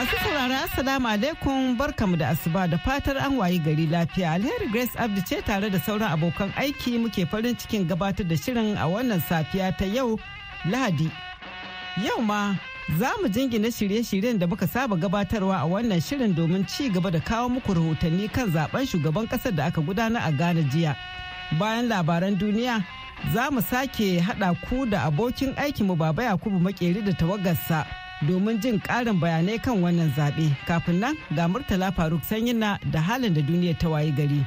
Masu saurara salamu alaikum barkamu da asuba da fatar an wayi gari lafiya alheri Grace Abdi ce tare da sauran abokan aiki muke farin cikin gabatar da shirin a wannan safiya ta yau Lahadi. Yau ma za mu jingina shirye-shiryen da muka saba gabatarwa a wannan shirin domin ci gaba da kawo muku rahotanni kan zaben shugaban kasar da aka gudana a Ghana jiya. Bayan labaran duniya, za mu sake haɗa ku da abokin aikinmu Baba Yakubu Makeri da tawagarsa. domin jin karin bayanai kan wannan zaɓe kafin nan ga murtala faruk sanyina da halin da duniyar ta wayi gari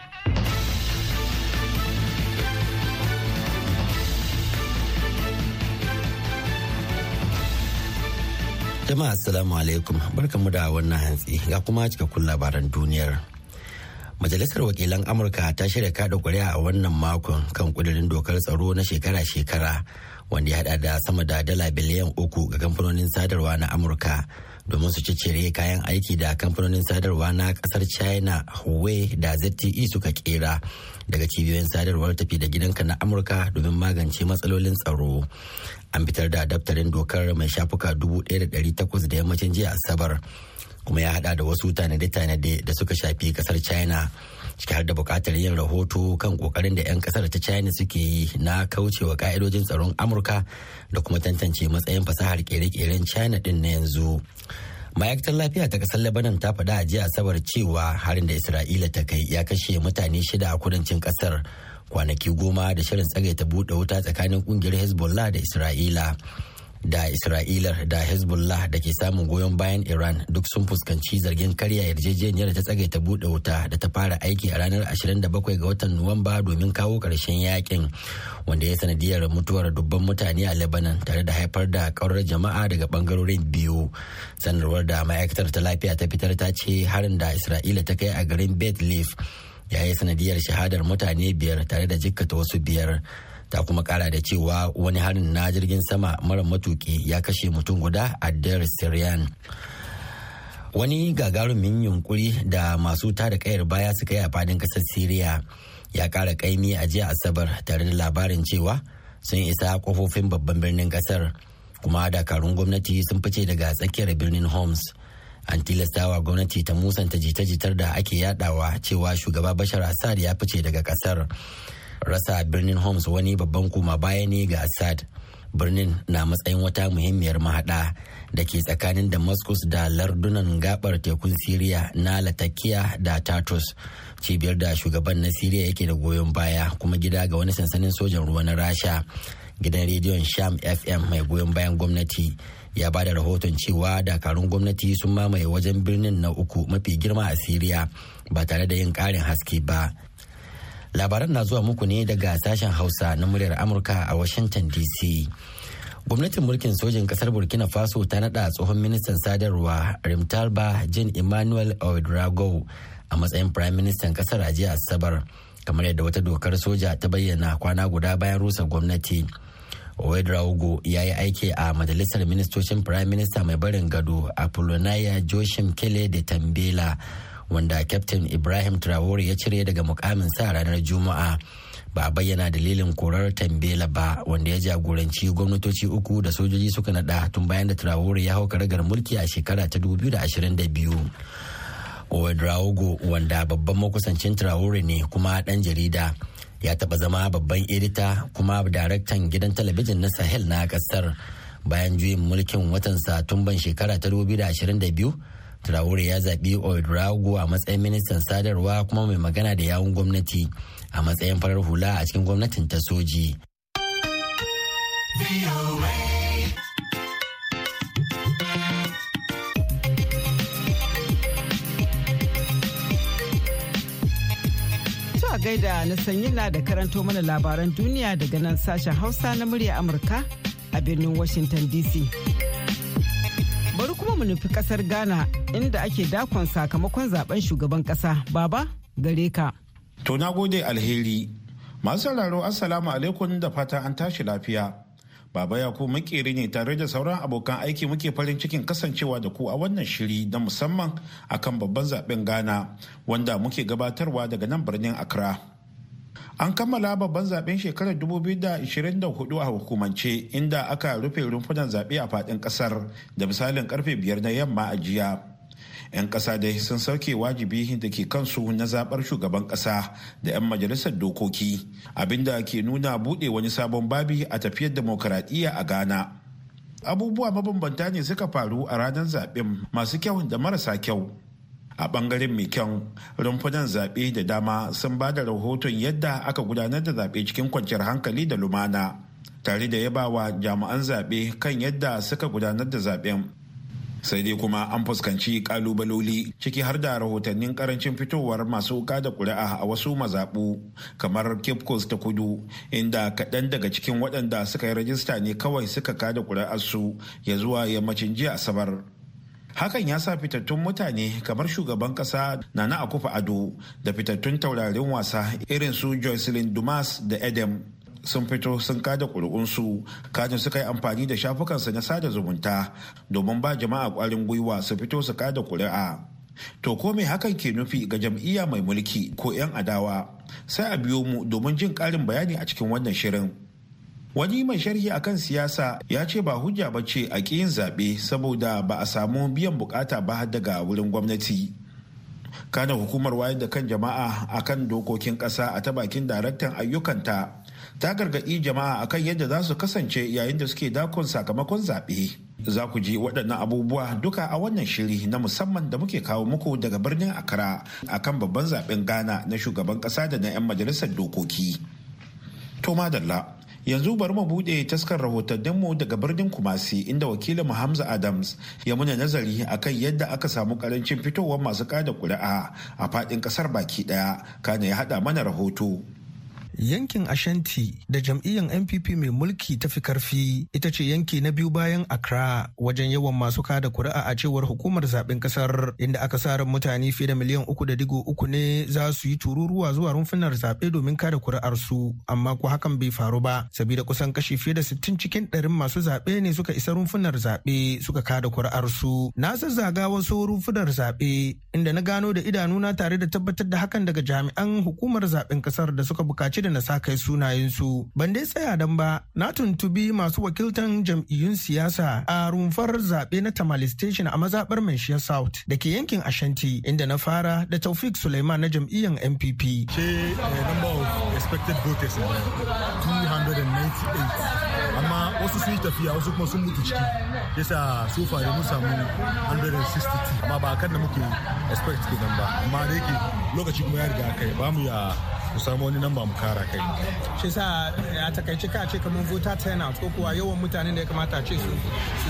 jama'a assalamu alaikum barkamu da wannan hantsi ga kuma cikakkun labaran duniyar Majalisar Wakilan Amurka ta shirya kada kuri'a a wannan makon kan kudirin dokar tsaro na shekara-shekara wanda ya hada da sama da dala biliyan uku ga kamfanonin sadarwa na amurka domin su cire kayan aiki da kamfanonin sadarwa na kasar china huawei da zte suka kera daga cibiyoyin sadarwar tafi da gidanka na amurka domin magance matsalolin tsaro an fitar da daftarin dokar mai shafuka 1800 da yammacin jiya asabar. kuma ya hada da wasu tanade-tanade da suka shafi kasar china ciki har da bukatar yin rahoto kan kokarin da 'yan kasar ta china suke yi na kaucewa ka'idojin tsaron amurka da kuma tantance matsayin fasahar kere-keren china din na yanzu ma'aikatar lafiya ta kasar lebanon ta faɗa a jiya asabar cewa harin da isra'ila ta kai ya kashe mutane shida a kudancin kasar kwanaki goma da shirin tsagaita buɗe wuta tsakanin kungiyar hezbollah da isra'ila da isra'ila da hezbollah da ke samun goyon bayan iran duk sun fuskanci zargin karya yarjejeniyar ta ta buɗe wuta da ta fara aiki a ranar 27 ga watan nuwamba domin kawo ƙarshen yakin wanda ya sanadiyar mutuwar dubban mutane a lebanon tare da haifar da ƙaurar jama'a daga bangarorin biyu sanarwar da ma'aikatar ta lafiya ta fitar ta ce harin da isra'ila ta kai a garin beth leaf ya yi sanadiyar shahadar mutane biyar tare da jikkata wasu biyar ta kuma kara da cewa wani harin na jirgin sama mara matuki ya kashe mutum guda a dar syrian wani gagarumin yunkuri da masu tada kayar baya suka yi a fadin kasar syria ya kara kaimi a jiya asabar tare da labarin cewa sun isa kofofin babban birnin kasar kuma dakarun gwamnati sun fice daga tsakiyar birnin homs an tilastawa gwamnati ta musanta jita-jitar da ake yadawa cewa shugaba bashar assad ya fice daga kasar rasa birnin homs wani babban koma baya ne ga assad birnin na matsayin wata muhimmiyar mahaɗa da ke tsakanin damascus da lardunan gabar tekun siriya na latakia da tartus cibiyar da shugaban na siriya yake da goyon baya kuma gida ga wani sansanin sojan ruwa na rasha gidan rediyon sham fm mai goyon bayan gwamnati ya ba da rahoton cewa dakarun gwamnati sun mamaye wajen birnin na uku mafi girma a siriya ba tare da yin karin haske ba labaran na zuwa muku ne daga sashen hausa na muryar amurka a washington dc gwamnatin mulkin sojin kasar burkina faso ta nada tsohon ministan sadarwa rimtalba jin emmanuel ouedraogo a matsayin prime ministan kasar ajiya jiya asabar kamar yadda wata dokar soja ta bayyana kwana guda bayan rusa gwamnati ouedraogo ya yi aiki a majalisar ministocin prime minister mai barin gado apollonia joshim kele de tambela wanda Captain Ibrahim Traore ya cire daga mukamin sa ranar Juma'a. Ba a bayyana dalilin korar Tambela ba wanda ya jagoranci gwamnatoci uku da sojoji suka nada tun bayan da Traore ya hau karagar mulki a shekara ta 2022. Draugo wanda babban makusancin Traore ne kuma ɗan jarida ya taɓa zama babban edita kuma daraktan gidan talabijin na Sahel na ƙasar bayan juyin mulkin watan Satumban shekara ta 2022 Traore ya zaɓi Oedrago a matsayin ministan sadarwa kuma mai magana da yawun gwamnati a matsayin farar hula a cikin gwamnatin ta soji. gaida na na da karanto mana labaran duniya daga nan sashen hausa na murya amurka a birnin washington dc mu nufi kasar Ghana inda ake dakon sakamakon zaben shugaban kasa. Baba gare ka. To na gode alheri. Masu sauraro Assalamu alaikum da fata an tashi lafiya. Baba ya ku makeri ne tare da sauran abokan aiki muke farin cikin kasancewa da ku a wannan shiri na musamman akan babban zaben Ghana wanda muke gabatarwa daga nan birnin Accra. an kammala babban zaben shekarar 2024 a hukumance inda aka rufe rumfunan zaɓe a faɗin ƙasar da misalin karfe biyar na yamma a jiya 'yan ƙasa da sun sauke wajibi da ke kansu na zaɓar shugaban ƙasa da 'yan majalisar dokoki abinda ke nuna buɗe wani sabon babi a tafiyar demokaradiyya a ghana abubuwa mabambanta ne suka faru a ranar zaɓen masu kyau da marasa kyau a bangaren mekong rumfunan zaɓe da dama sun ba da rahoton yadda aka gudanar da zaɓe cikin kwanciyar hankali da lumana tare da yabawa jami'an zaɓe kan yadda suka gudanar da zaɓen sai dai kuma an fuskanci kalubaloli ciki har da rahotannin karancin fitowar masu wuka da kuri'a a wasu mazaɓu kamar cape coast ta kudu inda kaɗan daga cikin waɗanda suka yi rajista ne kawai suka kada su ya zuwa yammacin jiya asabar hakan ya sa fitattun mutane kamar shugaban kasa nana akufa ado da fitattun taurarin wasa irin su jocelyn dumas da edem sun fito sun kada ƙuri'unsu kajin suka yi amfani da shafukansu na sada zumunta domin ba jama'a ƙwarin gwiwa su fito su kada ƙuri'a to ko me hakan ke nufi ga jam'iyya mai mulki ko 'yan adawa sai a biyo mu domin jin ƙarin bayani a cikin wannan shirin wani mai sharhi akan siyasa ya ce ba hujja ba ce a ƙiyin zaɓe saboda ba a samu biyan bukata ba daga wurin gwamnati kana hukumar wayar da kan jama'a akan dokokin ƙasa a ta bakin daraktan ayyukanta ta gargaɗi jama'a akan yadda za su kasance yayin da suke dakon sakamakon zaɓe za ku ji waɗannan abubuwa duka a wannan shiri na musamman da muke kawo muku daga birnin a akan babban zaɓen ghana na shugaban ƙasa da na 'yan majalisar dokoki to madalla yanzu bari mu buɗe taskar rahotanninmu daga birnin kumasi inda wakilin hamza adams ya muna nazari akan yadda aka samu karancin fitowar masu kada kuri'a a faɗin ƙasar baki ɗaya kana ya haɗa mana rahoto yankin ashanti da jam'iyyar npp mai mulki ta fi karfi ita ce yanki na biyu bayan accra wajen yawan masu kada kuri'a a cewar hukumar zaben kasar inda aka sa ran mutane fiye da miliyan uku da digo uku ne za su yi tururuwa zuwa rumfunar zaɓe domin kada kuri'ar su amma ko hakan bai faru ba sabida kusan kashi fiye da sittin cikin ɗarin masu zaɓe ne suka isa rumfunar zaɓe suka kada kuri'ar su na zazzaga wasu rumfunar zaɓe inda na gano da idanuna tare da tabbatar da hakan daga jami'an hukumar zaben kasar da suka buƙaci shida na sa kai sunayensu. Ban dai tsaya dan ba, na tuntubi masu wakiltan jam'iyyun siyasa a rumfar zaɓe na Tamale Station a mazaɓar Manshiya South da ke yankin Ashanti inda na fara da Taufik Suleiman na jam'iyyar MPP. She uh, number of expected voters 298. amma wasu sun yi tafiya wasu kuma sun mutu ciki yasa so far mun samu 160 amma ba kan da muke expect kenan ba amma da yake lokaci kuma ya riga kai ba mu ya ku samu wani namba mu kara kai shi sa a takaice ka ce kamar voter turnout ko kuwa yawan mutanen da ya kamata ce su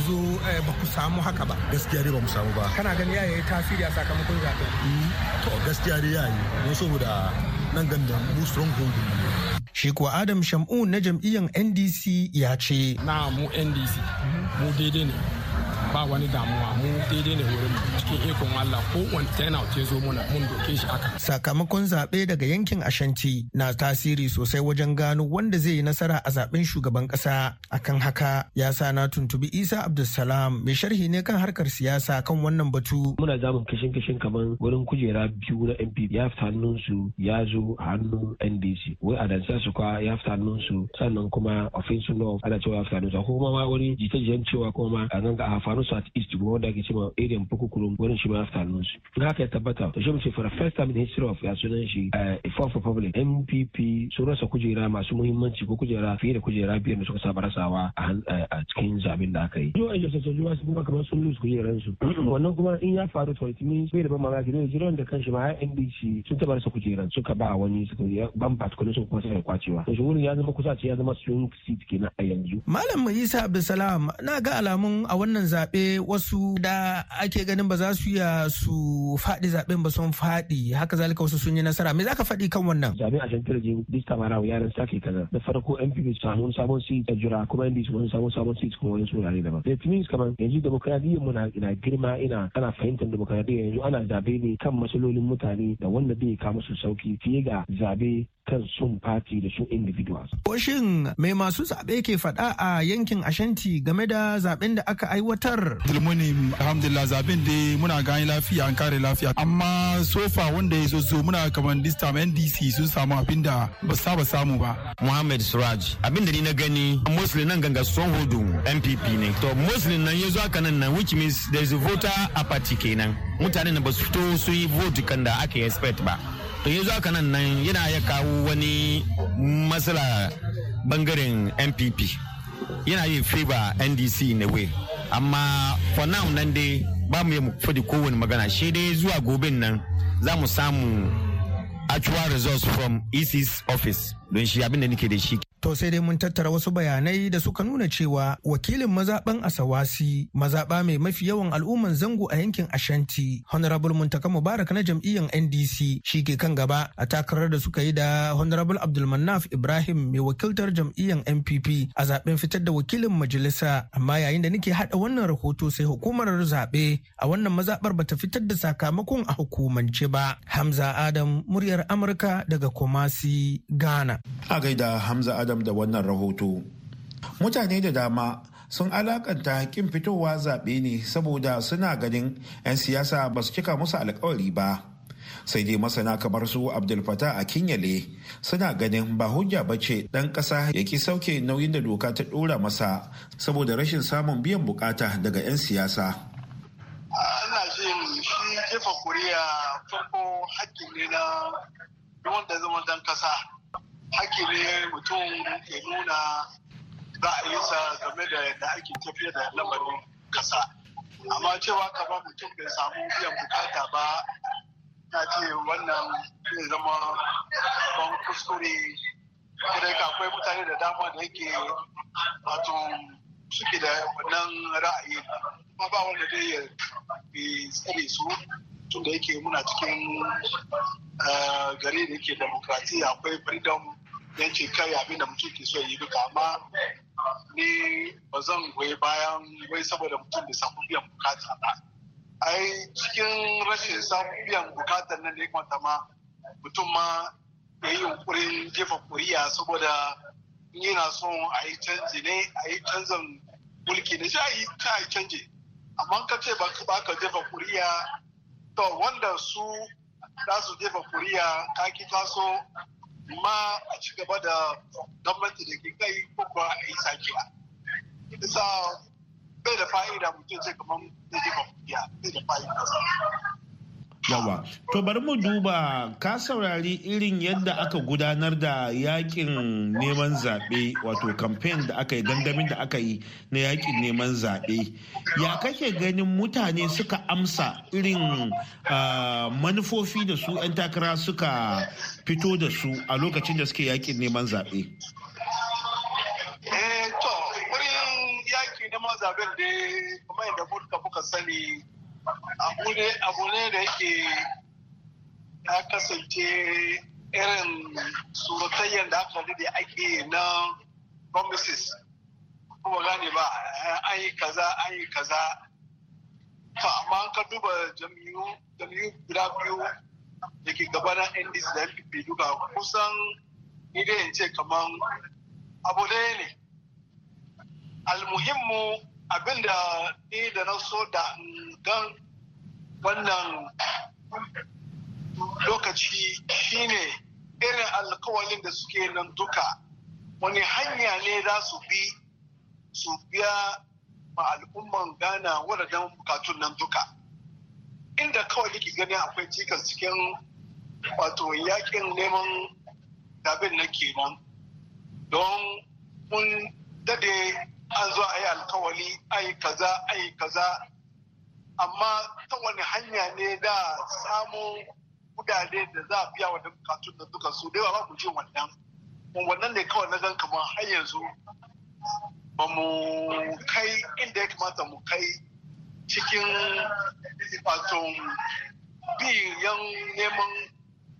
zo eh, ba ku samu haka ba gaskiya dai ba mu samu ba kana gani yayi tasiri a sakamakon zaɓen mm. to gaskiya dai yayi mu saboda nan ganda mu stronghold shi kuwa adam shamu na jam'iyyar ndc ya ce na mu ndc mu daidai ne ba wani damuwa mu daidai ne wurin cikin ikon Allah ko wani turnout ce zo muna mun doke shi haka. Sakamakon zaɓe daga yankin Ashanti na tasiri sosai wajen gano wanda zai yi nasara a zaɓen shugaban ƙasa. Akan haka ya sa na tuntubi Isa Abdulsalam mai sharhi ne kan harkar siyasa kan wannan batu. Muna zamun kishin kishin kamar wurin kujera biyu na MP ya fita hannunsu ya zo hannun NDC. Wai a su kwa ya fita hannunsu sannan kuma ofinsu law ana cewa ya fita hannunsu. Kuma ma wani jita-jitan cewa kuma a ganga a akwai south east wanda ake cewa area fuku kurum wurin shi ma a loans in haka ya tabbata to shi ce for the first time in history of ya sunan shi for eh, for public MPP su rasa kujera masu muhimmanci ko kujera fiye da kujera biyar da suka saba rasawa a eh, cikin zaben da aka yi yau a jasa sojuwa su kuma kamar sun lose kujeran su wannan kuma in ya faru to it means bai da ban mamaki ne jiran da kanshi ma ya NDC sun taba rasa kujeran suka ba wani suka ban particular sun kuma suka kwacewa to shi wurin ya zama kusa ce ya zama swing seat kenan a yanzu malam Isa Abdulsalam na ga alamun a wannan zaɓe zaɓe wasu da ake ganin ba za su iya su faɗi zaɓen ba sun faɗi haka zalika wasu sun yi nasara me za ka faɗi kan wannan. zaɓen a shantar jin dista mara wa yaran sake kaza da farko npp su samu sabon seat a jira kuma ndc wani samu sabon seat kuma wani surare daban. da tunis kamar yanzu demokaradiyya mu na girma ina ana fahimtar demokaradiyya yanzu ana zaɓe ne kan matsalolin mutane da wanda bai kama su sauki fiye ga zaɓe kan sun fati da su individuals. Washin mai masu zaɓe ke faɗa a yankin Ashanti game da zaɓen da aka aiwatar. Dulmuni alhamdulillah zaɓen da muna gani lafiya an kare lafiya amma sofa wanda ya so muna kamar this time NDC sun samu abin da ba saba samu ba. Muhammad Suraj abin da ni na gani Muslim nan ganga son hudu MPP ne. To Muslim nan ya zo aka nan nan which means there is a voter apathy kenan. Mutanen da ba su fito su yi vote kan da aka expect ba. to yanzu haka nan nan yana ya kawo wani matsala bangaren npp yana yi fiba ndc na way amma for now nan dai ba mu fadi kowane magana shi dai zuwa gobe nan za mu samu actual results from ec's office don shi abin da nake da shi to sai dai mun tattara wasu bayanai da suka nuna cewa wakilin mazaban asawasi mazaba mai mafi yawan al'umman zango a yankin ashanti honorable muntaka mubarak na jam'iyyar ndc shi ke kan gaba a takarar da suka yi da honorable abdulmanaf ibrahim mai wakiltar jam'iyyar npp a zaben fitar da wakilin majalisa amma yayin da nake hada wannan rahoto sai hukumar zaɓe a wannan mazaɓar bata fitar da sakamakon a hukumance ba. Hamza Adam muryar Amurka daga Kumasi, Ghana. A gaida Hamza Adam da wannan rahoto. Mutane da dama sun alakanta hakkin fitowa zaɓe ne saboda suna ganin 'yan siyasa ba su cika musu alkawari ba. sai dai masana kamar su abdul fata a kinyale suna ganin ba hujja ba ce ɗan ƙasa ya ki sauke nauyin da doka ta ɗora masa saboda rashin samun biyan bukata daga 'yan siyasa ana jin shi jefa kuriya farko hakkin ne na wanda zama ɗan ƙasa haƙƙi mutum ya nuna ra'ayinsa game da yadda ake tafiya da lamarin ƙasa amma cewa kamar mutum bai samu biyan bukata ba na ce wannan zai zama ban kuskure Kira ka akwai mutane da dama da yake wato suke da wannan ra'ayi ba ba wanda zai yi tsare su tunda yake muna cikin eh, gari da yake demokratiya akwai freedom ya ce kai abin da mutum ke so yi duka amma ni ba zan goyi bayan wai saboda mutum da samu biyan bukata ba ai cikin rashin samun biyan bukatar nan da ya ma mutum ma ya yi yunkurin jefa kuriya saboda yana son a yi canji ne a yi canzan mulki ne sai a yi canji amma ka ce ba ka jefa kuriya to wanda su za su jefa kuriya ka ki taso ma a ci gaba da gwamnati da ke kai ko kuwa a yi sakiya isa bai da fa'ida mutum sai kamar zai ba bai da fa'ida yawa to bari mu duba ka saurari irin yadda aka gudanar da yakin neman zaɓe wato kamfen da aka yi dandamin da aka yi na yakin neman zaɓe ya kake ganin mutane suka amsa irin manufofi da su 'yan takara suka fito da su a lokacin da suke yakin neman zaɓe eh, to zaɓen da kuma yadda kuka sani abu ne da yake ya kasance irin surutayyar da aka da ake na promises kuma gane ba an yi kaza an yi kaza to amma ka duba jam'iyyu guda biyu da ke gabanin indies da npp duka kusan idan ce kamar abu ne almuhimmu abin da ni da na so da gan wannan lokaci shine irin alkawalin da suke nan duka wani hanya ne za su bi su biya ma al'umman ghana wadannan bukatun nan duka inda kawai yake gani akwai cikas cikin wato yakin neman dabin na kenan don mun dade an zo a yi alkawali yi kaza a yi kaza amma ta wani hanya ne da samun kudade da za a biya wa bukatun da duka su da yawa ba ku ji wannan wannan ne kawai na gan kamar har yanzu ba mu kai inda ya kamata mu kai cikin wato biyan neman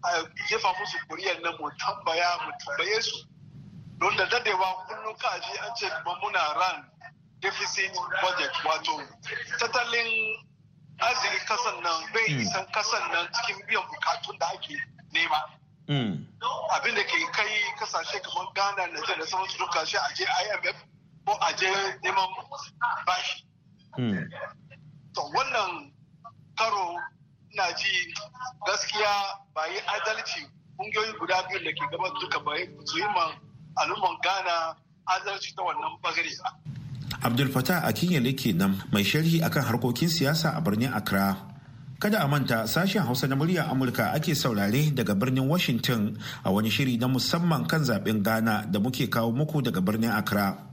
a jefa musu kuriyar na mu tambaya mu tambaye su don da dadewa kullum ka ji an ce muna ran deficit budget wato tattalin arzikin kasan nan bai hmm. isan kasan nan cikin biyan bukatun da ake nema hmm. abin da ke kai kasashe kamar ghana na da sauran su duka shi je imf ko a je neman bashi hmm. to wannan karo na ji gaskiya ba yi adalci kungiyoyi guda biyu da ke gaban duka ba su yi ma. al'ummar ghana adalci ta wannan bagare abdul fatah akinyele kenan mai sharhi akan harkokin siyasa a birnin accra kada a manta sashen hausa na murya amurka ake saurare daga birnin washington a wani shiri na musamman kan zaben ghana da muke kawo muku daga birnin accra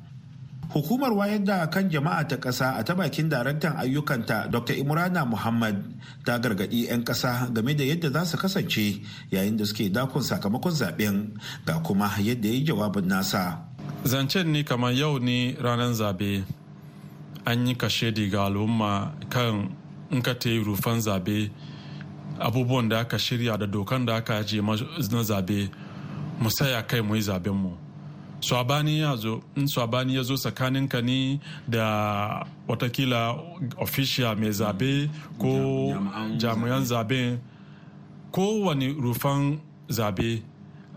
Hukumar wayar da kan jama'a ta ƙasa a ta bakin daraktan ayyukanta Dr. Imrana Muhammad ta gargaɗi 'yan ƙasa game da yadda za su kasance yayin da suke dakon sakamakon zaben ga kuma yadda ya yi jawabin nasa. Zancen ni kamar yau ne ranar zabe. An yi kashedi ga al'umma kan in ka ta yi rufan zabe abubuwan da aka shirya da dokan da aka ajiye na zabe mu saya kai mu yi zaben mu. swabani ya zo in swabani ya zo tsakaninka ne da watakila official mai zabe ko jami'an zabe kowane rufan zabe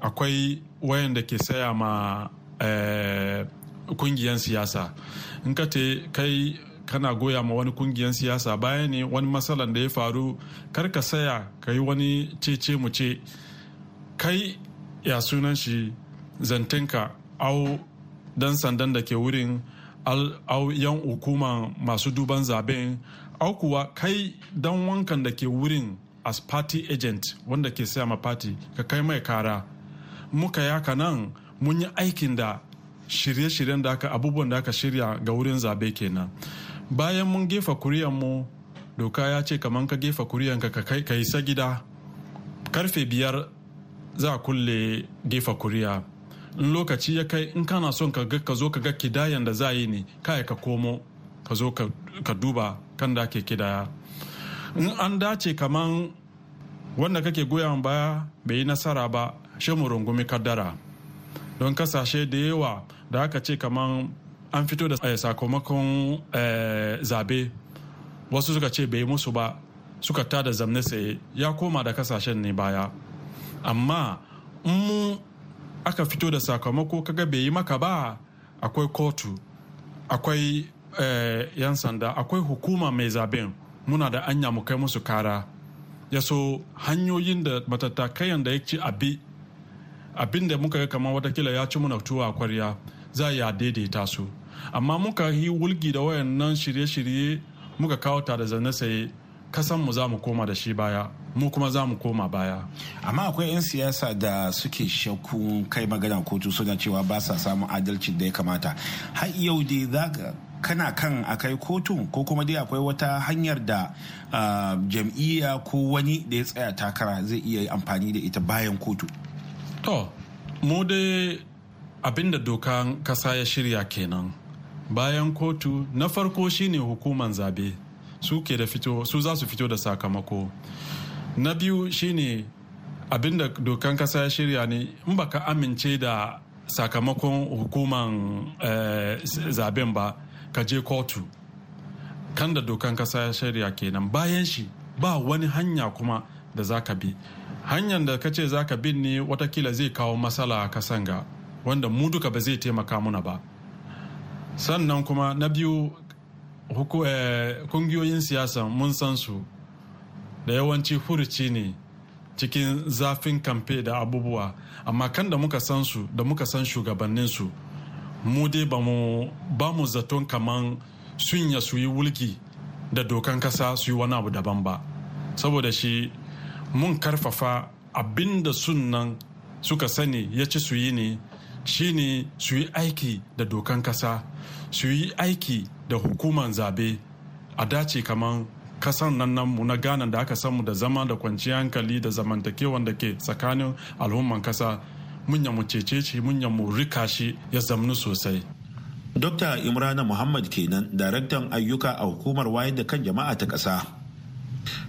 akwai wayanda ke saya ma eh, kungiyan siyasa in ka te kai kana goya ma wani kungiyan siyasa bayan ne wani matsalan da ya faru kar ka saya ka yi wani cece mu ce kai ya sunan shi zantinka au dan sandan da ke wurin au yan hukuma masu duban zaben au kuwa kai dan wankan da ke wurin as party agent wanda ke sama ma party ka kai mai kara muka yaka nan mun yi aikin da shirye-shiryen da aka abubuwan da aka shirya ga wurin zabe kenan bayan mun gefa mu doka ya ce kamar ka gefa kuriyanka ka kai sa isa gida karfe biyar za a kulle gefa kuriya in lokaci ya kai in kana son ka ga ka zo ka ga kidayan da za yi ne kai ka komo ka zo ka duba kan da ake kidaya in an dace kaman wanda kake goyon baya bai yi nasara ba shi mu rungumi kaddara don kasashe da yawa da aka ce kaman an fito da eh, sakamakon eh, zabe wasu suka ce bai musu ba suka tada zamne sai ya koma da kasashen ne baya amma mu aka fito da sakamako kaga bai yi maka ba akwai kotu akwai eh, yan sanda akwai hukuma mai zaben muna da anya mu kai musu kara ya so hanyoyin da matattakayan da ya ci abi abin da muka ga kamar watakila ya ci muna tuwa kwarya za ya daidaita su amma muka yi wulgi da wayannan shirye-shirye muka kawo ta da zane saye kasan mu za mu koma da shi baya mu kuma za mu koma baya amma akwai 'yan siyasa da suke shakku kai magana kotu suna cewa ba sa samun adalcin da ya kamata har yau dai za kana kan akai kotun ko kuma dai akwai wata hanyar da ah, jam'iyya ko wani da ya tsaya takara zai iya amfani da ita bayan kotu to mu dai abinda dokan kasa ya shirya kenan bayan kotu na farko shine hukuman zabe su ke da fito su za su fito da sakamako na biyu shine abinda dokan kasa ya shirya ne in ka amince da sakamakon hukuman eh, zaben ba ka je kotu kan da dokan kasa ya shirya kenan bayan shi ba wani hanya kuma da za ka bi hanyar da ka ce za ka bin ne watakila zai kawo matsala a kasan ga wanda mu duka ba zai taimaka muna ba sannan kuma na biyu eh, kungiyoyin siyasa mun san su da yawanci furuci ne cikin zafin kamfe da abubuwa amma kan da muka san su da muka san shugabanninsu mu dai ba mu zaton kaman sun ya su yi wulki da dokan kasa su yi wani abu daban ba saboda shi mun karfafa abin da sunan suka sani ya ci su yi ne shi ne su yi aiki da dokan kasa su yi aiki da hukuman zabe a dace kaman kasan nan namu na ghana da aka samu da zama da kwanciyar hankali da zamantakewan da ke tsakanin al'umman kasa munya mu cece shi munya mu rika shi ya zamanu sosai Dokta Imrana Muhammad kenan, daraktan ayyuka a hukumar wayar da kan jama'a ta kasa.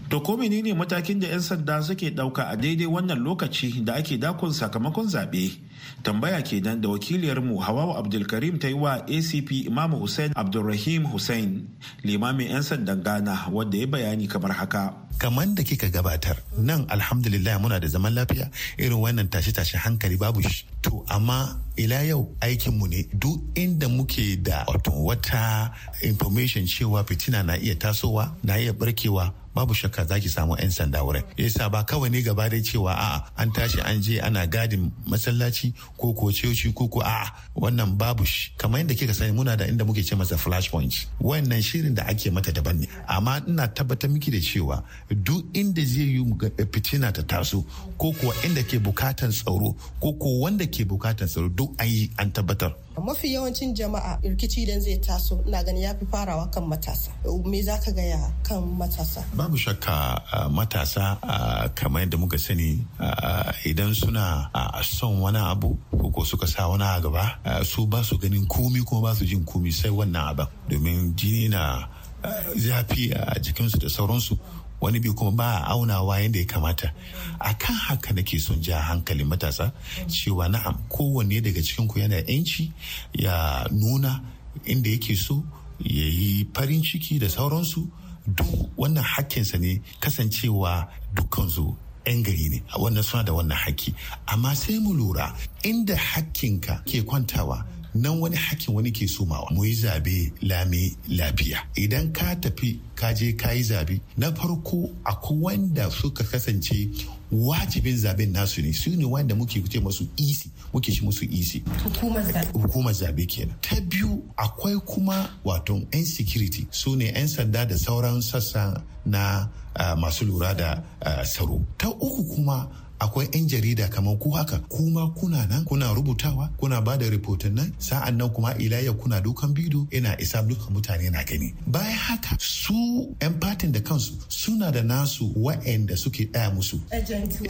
To ko menene matakin da 'yan sanda suke dauka a daidai wannan lokaci da ake dakon sakamakon zaɓe tambaya ke kenan da wakiliyarmu hawawa abdulkarim ta yi wa acp imamu hussein abdulrahim hussein limamin 'yan sandan ghana wadda ya bayani kamar haka kamar da kika gabatar nan alhamdulillah muna da zaman lafiya irin wannan tashe-tashe hankali babu shi to amma ila yau aikinmu ne duk inda muke da wata information cewa fitina na iya tasowa na iya barkewa babu shakka za ki samu 'yan sanda wurin yasa ba kawai ne gaba dai cewa a'a an tashi an je ana gadin masallaci ko ko ceci ko ko a'a wannan babu shi kamar yadda kika sani muna da inda muke ce masa flash point wannan shirin da ake mata daban ne amma ina tabbatar miki da cewa duk inda zai yi fitina ta taso ko kuwa inda ke bukatan tsaro ko ko wanda ke bukatan tsaro duk an yi an tabbatar A mafi yawancin jama'a rikici idan zai taso na gani ya fi farawa kan matasa me za ka gaya kan matasa babu shakka matasa kamar yadda muka sani idan suna son wani abu ko suka sa wani a gaba su ba su ganin komi kuma ba su jin komi sai wannan abin domin jini na zafi a jikinsu da sauransu wani bi kuma ba aunawa yadda ya kamata a kan haka nake son ja hankali matasa cewa na'am kowanne daga cikinku yana yanci ya nuna inda yake so ya yi farin ciki da sauransu duk wannan hakkinsa ne kasancewa dukkansu 'yan gari ne wannan suna da wannan haki amma sai mu lura inda hakkinka ke kwantawa nan wani hakkin wani ke sumawa. mu yi zabe lami lafiya idan ka tafi ka je ka yi zabe na farko akwai wanda suka kasance wajibin zaben nasu ne su ne wanda muke ce masu isi e muke shi musu isi hukumar zabe kenan ta biyu akwai kuma wato yan security su ne yan sanda da sauran sassa na ah, masu lura da ah, tsaro ta uku kuma akwai 'yan jarida kamar ku haka kuma kuna nan kuna rubutawa kuna ba da rahoton nan sa'an nan kuma ilayya kuna dukan bido ina isa duka mutane na gani bayan haka su 'yan fatin da kansu suna da nasu wa'anda suke ɗaya musu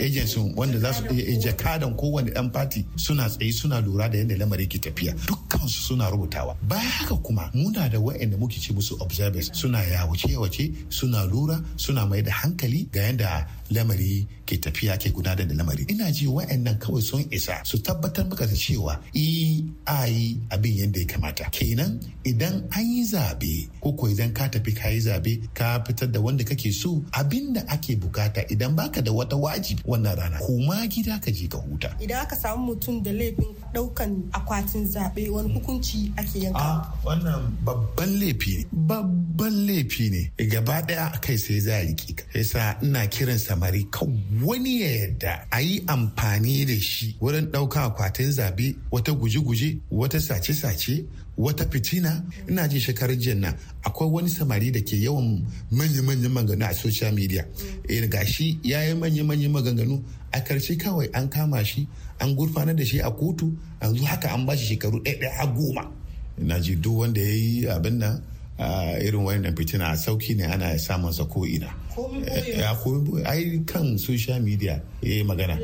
agency wanda za su iya jakadan kowane yan fati suna tsaye suna lura da yadda lamarin ke tafiya dukkansu suna rubutawa bayan haka kuma muna da wa'anda muke ce musu observers suna yawace yawace suna lura suna mai da hankali ga yadda lamari ke tafiya ke gudanar da lamari ina ji wa'annan kawai sun isa su tabbatar maka da cewa i a yi abin yadda ya kamata kenan idan an yi zabe ko ko idan ka tafi ka yi zabe ka fitar da wanda kake so abin da ake bukata idan baka da wata wajibi wannan rana kuma gida ka je ka huta idan aka samu mutum da laifin daukan akwatin zabe wani hukunci ake yanka ah, wannan babban laifi ne babban laifi ne gaba daya kai sai za a yi kika sa ina kiransa samari kan wani ya yadda a yi amfani da shi wurin ɗauka akwatin zabe wata guje-guje wata sace-sace wata fitina ina ji shekarar jiya nan akwai wani samari da ke yawan manya-manyan maganganu a social media eh, ga gashi ya yi manya-manyan maganganu a karshe kawai an kama shi an gurfanar da shi a kotu yanzu haka an ba shi shekaru ɗaya a goma ina ji duk wanda ya yi abin nan irin wannan fitina sauki ne ana samun sa ko ina eh, ya ai kan social media ya yi magana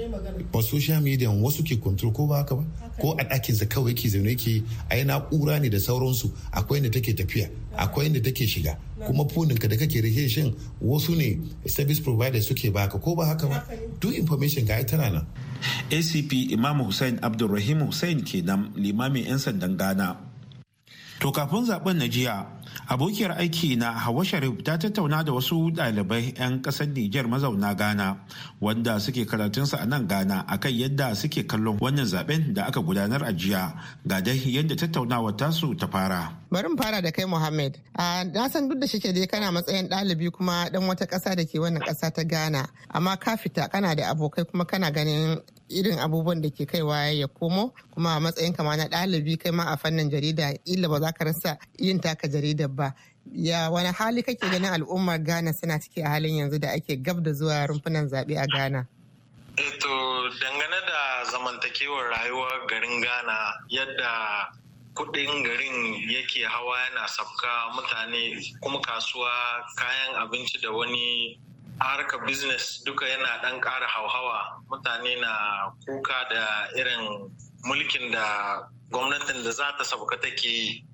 ba social media wasu ke control ko ba haka ba ko a sa kawai ke zaune ke ai kura ne da sauransu akwai inda take tafiya akwai inda take shiga kuma ka da kake rike shin wasu ne service provider suke baka ko ba haka ba duk information ga tana nan acp imam hussein abdulrahim hussein kenan limamin 'yan sandan ghana To kafin zaben na jiya, abokiyar aiki na Hawa Sharif ta tattauna da wasu ɗalibai 'yan ƙasar Nijar mazauna Ghana wanda suke karatunsa a nan Ghana akan yadda suke kallon wannan zaben da aka gudanar a jiya ga dai yadda tattaunawar tasu ta fara. Bari mu fara da kai Mohammed. Na san duk da shike dai kana matsayin ɗalibi kuma ɗan wata ƙasa da ke wannan ƙasa ta Ghana amma ka fita kana da abokai kuma kana ganin irin abubuwan da ke kaiwa ya komo kuma a matsayin kama na ɗalibi kai ma a fannin jarida illa ba za ka rasa yin taka jaridar ba ya wani hali kake ganin al'ummar ghana suna ciki a halin yanzu da ake gab da zuwa rumfunan zaɓe a ghana eto eh dangane da zamantakewar rayuwar garin ghana yadda kudin garin yake hawa yana sabka mutane kuma kasuwa kayan abinci da wani a harkar business duka yana dan kara hauhawa mutane na kuka da irin mulkin da gwamnatin da za ta sauka take yi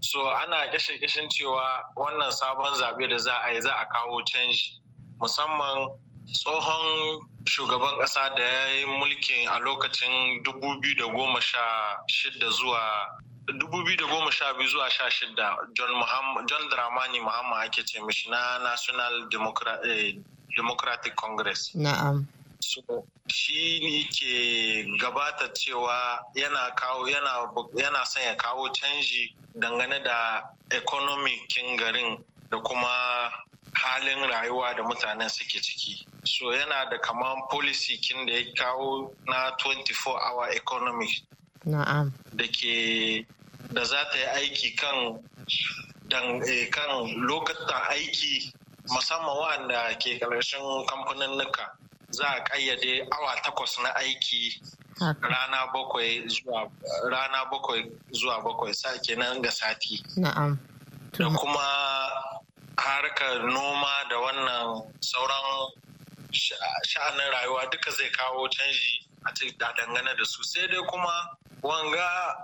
so ana kishin cewa wannan sabon zaɓe da za a yi za a kawo canji musamman tsohon shugaban ƙasa da ya yi mulkin a lokacin 2016 zuwa 2012 zuwa 16 john, john dramani muhammad ake ce mishi na national Democrat, eh, democratic congress na'am so shi ne ke gabata cewa yana kawo yana yana son ya kawo canji dangane da economic garin da kuma halin rayuwa da mutanen suke ciki so yana da kaman policy kin da ya kawo na 24 hour economy na'am da ke da za ta yi aiki kan dan eh, kan lokacin aiki musamman waɗanda ke ƙarshen kamfanin nuka za a ƙayyade awa takwas na aiki rana bakwai zuwa rana bakwai zuwa bakwai sa kenan ga sati na'am da kuma harkar noma da wannan sauran sha'anin rayuwa duka zai kawo canji a dangane da su sai dai kuma wanga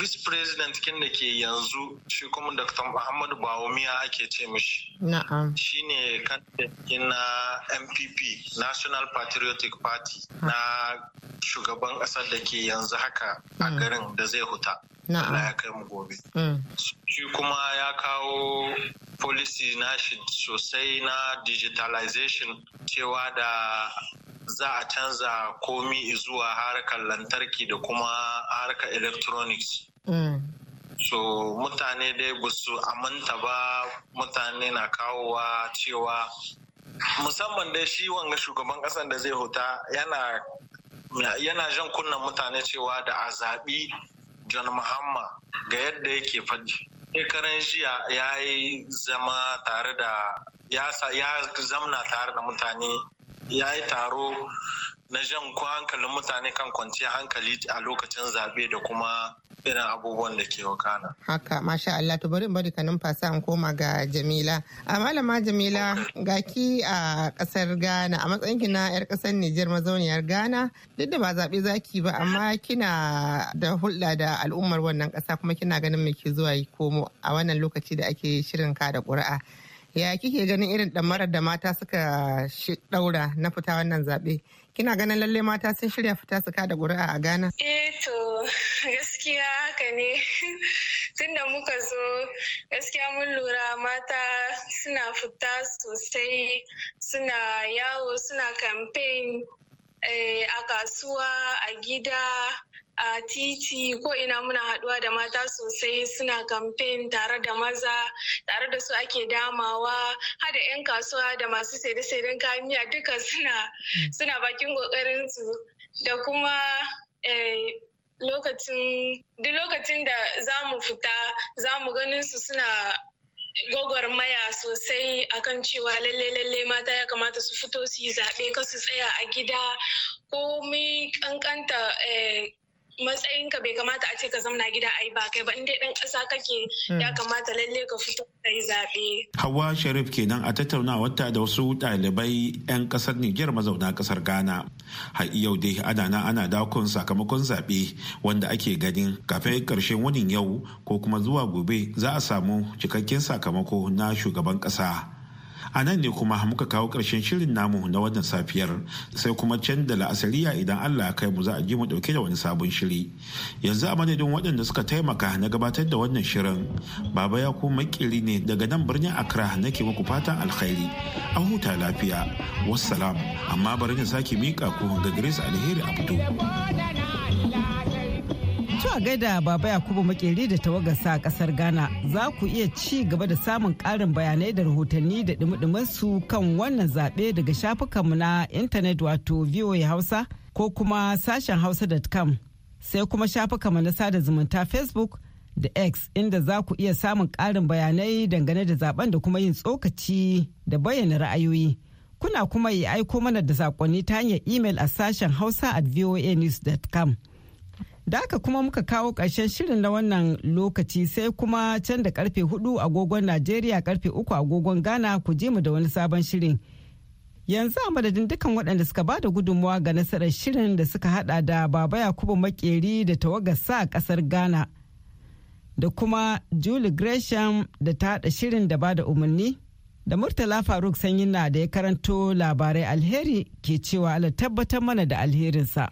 vice president kin da ke yanzu shi kuma dr muhammadu bawumiya ake ce mishi shine candidate na mpp national patriotic party na shugaban kasar da ke yanzu haka a mm. garin da zai huta Allah ya kai mu gobe mm. shi kuma ya kawo policy na shi sosai na digitalization cewa da za a canza komi zuwa harkar lantarki da kuma harkar electronics. Mm. So mutane dai ba su aminta ba mutane na kawowa cewa musamman dai shi wanga shugaban kasan da zai huta yana yana jan kunnan mutane cewa da a zaɓi John Mahama ga yadda yake faɗi. Shekaran jiya ya yi zama tare da ya zamna tare da mutane ya yi taro na jan ko hankalin mutane kan kwanciya hankali a lokacin zaɓe da kuma irin abubuwan da ke wakana. Haka, masha Allah, to bari bari ka numfasa an koma ga Jamila. A malama Jamila, ga ki a ƙasar Ghana, a matsayin ki na 'yar ƙasar Nijar mazauniyar Ghana, duk da ba zaɓe zaki ba, amma kina da hulɗa da al'ummar wannan ƙasa kuma kina ganin me ke zuwa yi komo a wannan lokaci da ake shirin kada ƙuri'a. ya kike ganin irin ɗamarar da mata suka ɗaura na fita wannan zaɓe kina ganin lalle mata sun shirya fita su kada ƙuri'a a ghana e to gaskiya haka ne tunda muka zo gaskiya mun lura mata suna fita sosai suna yawo suna campaign eh, a kasuwa a gida a titi ko ina muna haduwa da mata sosai suna kamfen tare da maza tare da su ake damawa hada 'yan kasuwa da masu saide-saiden kamiya duka suna mm. bakin kokarin su da kuma eh, lokacin duk lokacin da za mu fita za mu ganin su suna maya sosai akan cewa lalle lalle mata ya kamata su fito su yi zaɓe ka su tsaya a gida ko komi kankanta eh, matsayinka bai kamata a ce ka zamna gida ai ba kai ba inda ɗan ƙasa kake hmm. ya kamata lalle ka fito yi zaɓe. Hawa Sharif kenan a tattaunawar ta da wasu ɗalibai 'yan ƙasar Nijar mazauna ƙasar Ghana. Har yau dai ana na ana dakon sakamakon zaɓe wanda ake ganin kafin ƙarshen wunin yau ko kuma zuwa gobe za a samu cikakken sakamako na shugaban ƙasa. a nan ne kuma muka kawo ƙarshen shirin namu na wannan safiyar sai kuma can da la'asariya idan allah kai mu za a ji mu ɗauke da wani sabon shiri yanzu a madadin waɗanda suka taimaka na gabatar da wannan shirin baba ya ku makiri ne daga nan birnin accra nake muku fatan alkhairi a huta lafiya wassalam amma bari na sake miƙa ku ga grace alheri abdu Yanzu a gaida Baba Yakubu Makeri da tawagarsa a kasar Ghana za ku iya ci gaba da samun ƙarin bayanai da rahotanni da dumi su kan wannan zaɓe daga shafukanmu na intanet wato VOA Hausa ko kuma sashen hausa.com sai kuma shafukanmu na sada zumunta Facebook da X inda za ku iya samun ƙarin bayanai dangane da zaben da kuma yin tsokaci da bayyana ra'ayoyi. Kuna kuma yi aiko mana da saƙonni ta hanyar imel a sashen hausa at voanews.com. Da haka kuma muka kawo ƙarshen shirin na wannan lokaci sai kuma can da karfe hudu agogon Najeriya karfe uku agogon Ghana ku je mu da wani sabon shirin. Yanzu a madadin dukkan waɗanda suka bada gudunmawa ga nasarar shirin da suka hada da Baba Yakubu Makeri da tawagar sa ƙasar Ghana da kuma Julie Gresham da ta haɗa shirin da ba da umarni. Da Murtala Faruk sanyi na da ya karanto labarai alheri ke cewa ala tabbatar mana da alherinsa.